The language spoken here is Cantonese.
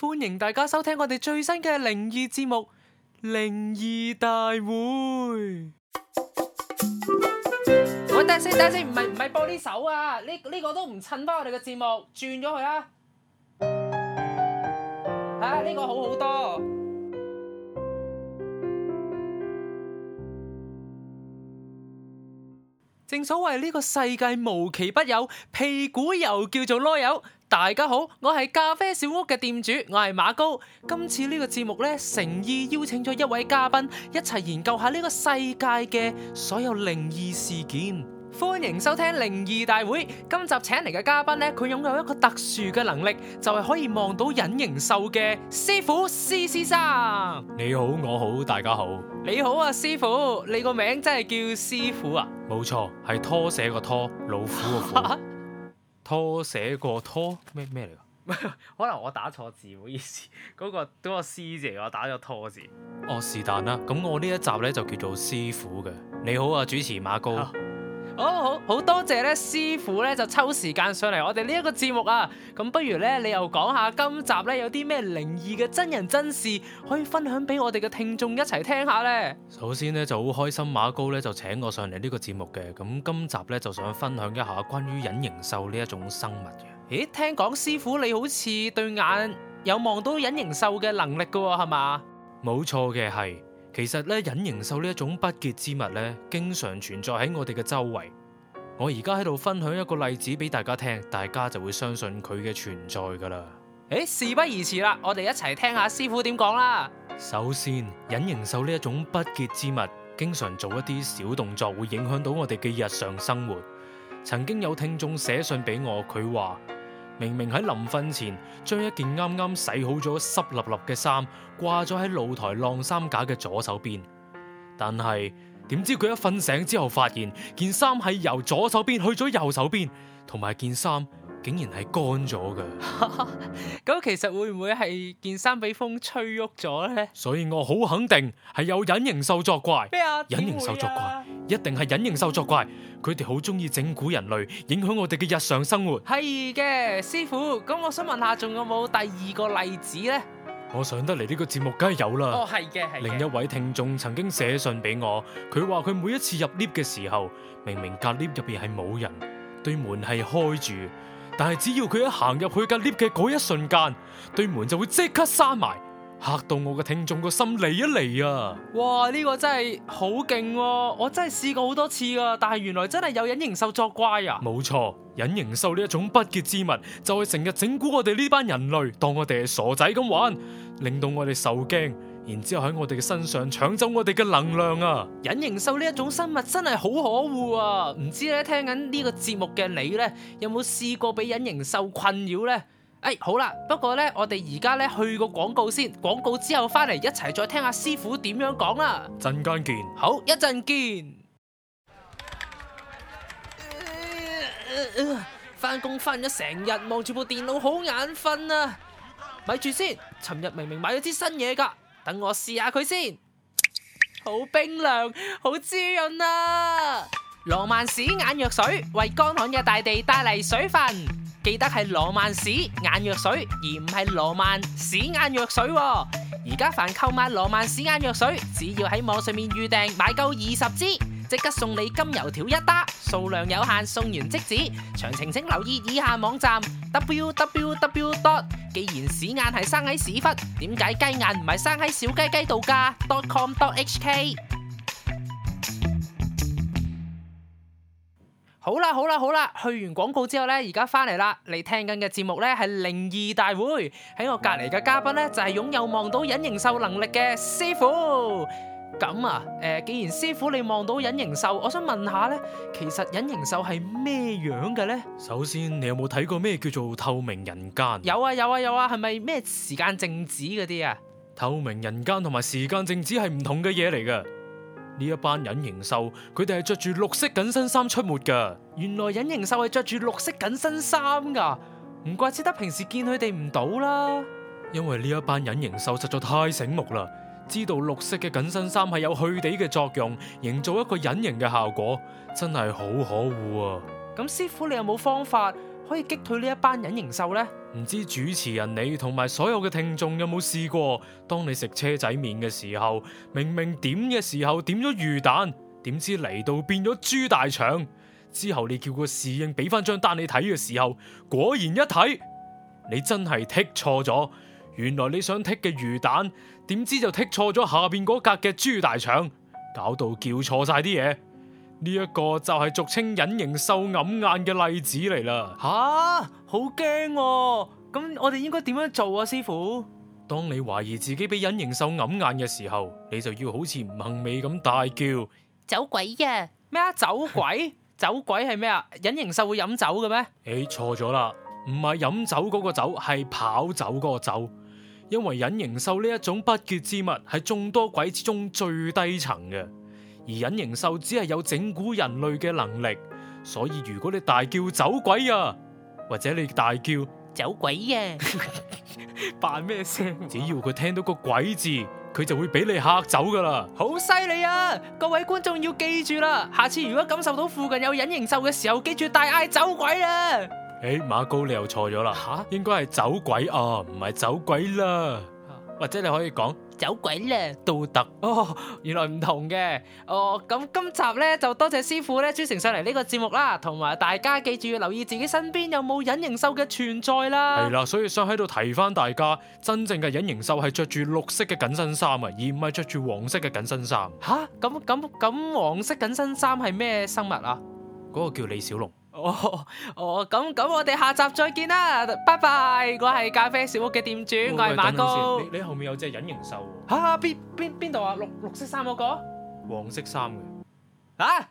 歡迎大家收聽我哋最新嘅靈異節目《靈異大會》 哦。等先，等先，唔係唔係播呢首啊？呢、呢、呢、個呢個都唔襯翻我哋嘅節目，轉咗佢啊！吓、啊、呢、呢個好好多。正所謂呢個世界無奇不有，屁股又叫做囉柚。大家好，我係咖啡小屋嘅店主，我係馬高。今次呢個節目呢，誠意邀請咗一位嘉賓，一齊研究下呢個世界嘅所有靈異事件。歡迎收聽靈異大會。今集請嚟嘅嘉賓呢，佢擁有一個特殊嘅能力，就係可以望到隱形獸嘅施虎施先生。你好，我好，大家好。你好啊，師傅，你個名真係叫施虎啊？冇錯，係拖寫個拖，老虎個虎。 拖寫過拖咩咩嚟㗎？ 可能我打錯字，唔好意思。嗰個嗰個師字，我打咗拖字。哦，是但啦。咁我呢一集咧就叫做師傅嘅。你好啊，主持馬高。Oh, 好好好多謝咧，師傅咧就抽時間上嚟我哋呢一個節目啊。咁不如咧，你又講下今集咧有啲咩靈異嘅真人真事可以分享俾我哋嘅聽眾一齊聽下咧？首先咧就好開心，馬高咧就請我上嚟呢個節目嘅。咁今集咧就想分享一下關於隱形獸呢一種生物嘅。咦，聽講，師傅你好似對眼有望到隱形獸嘅能力噶喎，係嘛？冇錯嘅係。其實咧，隱形獸呢一種不潔之物咧，經常存在喺我哋嘅周圍。我而家喺度分享一個例子俾大家聽，大家就會相信佢嘅存在噶啦。誒，事不宜遲啦，我哋一齊聽下施虎點講啦。首先，隱形獸呢一種不潔之物，經常做一啲小動作，會影響到我哋嘅日常生活。曾經有聽眾寫信俾我，佢話。明明喺臨瞓前將一件啱啱洗好咗濕立立嘅衫掛咗喺露台晾衫架嘅左手邊，但係點知佢一瞓醒之後發現件衫係由左手邊去咗右手邊，同埋件衫，竟然係乾咗噶，咁其實會唔會係件衫俾風吹喐咗咧？所以我好肯定係有隱形獸作怪。咩啊？隱形獸作怪，一定係隱形獸作怪。佢哋好中意整蠱人類，影響我哋嘅日常生活。係嘅，師傅。咁我想問下，仲有冇第二個例子咧？我上得嚟呢個節目梗係有啦。哦，係嘅，係嘅。另一位聽眾曾經寫信俾我，佢話佢每一次入 lift 嘅時候，明明隔 lift 入邊係冇人，對門係開住。但係只要佢一行入去個 lift 嘅嗰一瞬間，對門就會即刻閂埋，嚇到我嘅聽眾個心離一離啊！哇，呢、這個真係好勁、哦，我真係試過好多次噶、啊，但係原來真係有隱形獸作怪啊！冇錯，隱形獸呢一種不潔之物，就係成日整蠱我哋呢班人類，當我哋係傻仔咁玩，令到我哋受驚。然之後喺我哋嘅身上搶走我哋嘅能量啊！隱形獸呢一種生物真係好可惡啊！唔知咧聽緊呢個節目嘅你咧，有冇試過俾隱形獸困擾咧？誒，好啦，不過咧，我哋而家咧去個廣告先，廣告之後翻嚟，一齊再聽下師傅點樣講啦。陣間見。好，一陣見。翻工翻咗成日望住部電腦好眼瞓啊！咪住先，尋日明明買咗支新嘢噶。等我試下佢先。好冰涼，好滋潤啊！羅曼史眼藥水為乾旱嘅大地帶嚟水分，記得係羅曼史眼藥水，而唔係羅曼史眼藥水。而家凡購買羅曼史眼藥水，只要喺網上面預訂買夠二十支，即刻送你金油條一打，數量有限，送完即止。詳情請留意以下網站。www. dot，既然屎眼係生喺屎忽，點解雞眼唔係生喺小雞雞度噶？dotcom. dot hk，好啦好啦好啦，去完廣告之後咧，而家翻嚟啦！你聽緊嘅節目咧係靈異大會，喺我隔籬嘅嘉賓咧就係擁有望到隱形獸能力嘅師傅。咁啊，誒、呃，既然施虎你望到隱形獸，我想問下咧，其實隱形獸係咩樣嘅咧？首先，你有冇睇過咩叫做透明人間？有啊，有啊，有啊，係咪咩時間靜止嗰啲啊？透明人間同埋時間靜止係唔同嘅嘢嚟㗎。呢一班隱形獸，佢哋係着住綠色緊身衫出沒㗎。原來隱形獸係着住綠色緊身衫噶，唔怪之得平時見佢哋唔到啦。因為呢一班隱形獸實在太醒目啦。知道綠色嘅緊身衫係有去地嘅作用，營造一個隱形嘅效果，真係好可惡啊！咁師傅，你有冇方法可以擊退呢一班隱形獸呢？唔知主持人你同埋所有嘅聽眾有冇試過，當你食車仔麵嘅時候，明明點嘅時候點咗魚蛋，點知嚟到變咗豬大腸，之後你叫個侍應俾翻張單你睇嘅時候，果然一睇，你真係剔錯咗。原來你想剔嘅魚蛋，點知就剔錯咗下邊嗰格嘅豬大腸，搞到叫錯晒啲嘢。呢、這、一個就係俗稱隱形獸揞眼嘅例子嚟啦。吓、啊，好驚、啊！咁我哋應該點樣做啊，師傅？當你懷疑自己俾隱形獸揞眼嘅時候，你就要好似唔幸味咁大叫。走鬼嘅咩啊？走鬼？ 走鬼係咩啊？隱形獸會飲酒嘅咩？誒、欸，錯咗啦，唔係飲酒嗰個酒，係跑走嗰個走。」因為隱形獸呢一種不潔之物係眾多鬼之中最低層嘅，而隱形獸只係有整蠱人類嘅能力，所以如果你大叫走鬼啊，或者你大叫走鬼啊，扮咩聲？只要佢聽到個鬼字，佢就會俾你嚇走噶啦好犀利啊！各位觀眾要記住啦，下次如果感受到附近有隱形獸嘅時候，記住大嗌走鬼啦。誒，馬高你又錯咗啦吓，應該係走鬼啊，唔係走鬼啦，或者你可以講走鬼啦，都得哦。原來唔同嘅哦。咁今集咧就多謝師傅咧專程上嚟呢個節目啦，同埋大家記住要留意自己身邊有冇隱形獸嘅存在啦。係啦，所以想喺度提翻大家，真正嘅隱形獸係着住綠色嘅緊身衫啊，而唔係着住黃色嘅緊身衫。吓，咁咁咁黃色緊身衫係咩生物啊？嗰個叫李小龍。哦哦，咁、哦、咁，我哋下集再見啦，拜拜！我係咖啡小屋嘅店主，我係馬哥。你你後面有隻隱形獸、啊？吓、啊，邊邊邊度啊？綠綠色衫嗰、那個，黃色衫嘅，吓、啊。